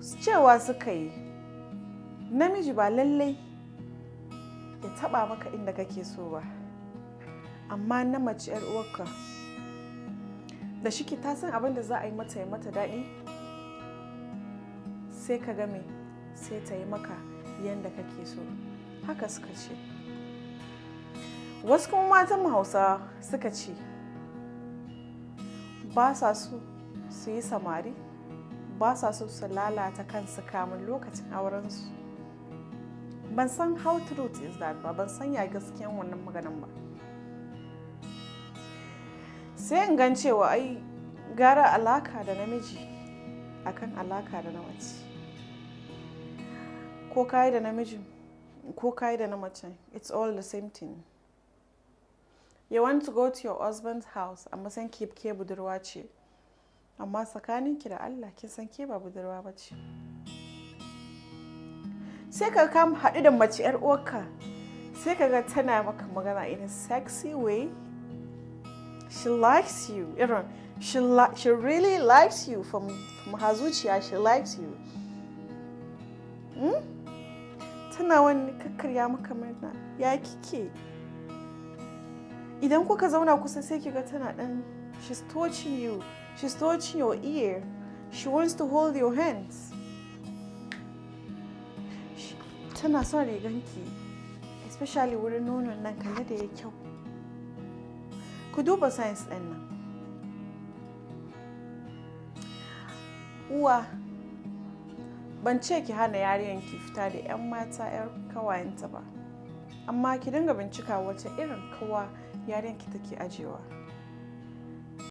cewa suka yi namiji ba lallai ya taba maka inda kake so ba amma na mace yar uwarka da shi ta san abin da za a yi mata ya mata daɗi sai ka game sai ta yi maka yadda kake so haka suka ce wasu kuma matan hausa suka ce ba sa su su yi samari ba sa so su lalata kansu kamun lokacin aurensu ban san how truth is that ba ban san ya gaskiyan wannan maganin ba sai in gan cewa ai gara alaka da namiji akan alaka da na mace ko kai da namiji, ko kai da na mace it's all the same thing you want to go to your husband's house amma san ke budurwa ce amma tsakaninki da Allah kin san ke ba budurwa ba ce sai ka kam haɗu da mace 'yar uwarka sai ka ga tana maka magana in a sexy way she likes you irin she, li she really likes you from, from her zuciya she likes you hmm? tana wani kakkarya maka murna ya kike idan kuka zauna kusa sai ga tana ɗan She's touching you. She's touching your ear. She wants to hold your hands. Tana son riganki, especially wurin nonon nan kalli da ya kyau. Ku duba science ɗin nan. Uwa, ban ce ki hana yariyanki fita da 'yan mata 'yar kawayenta ba, amma ki dinga bincika wace irin kawa yarinki take ajewa.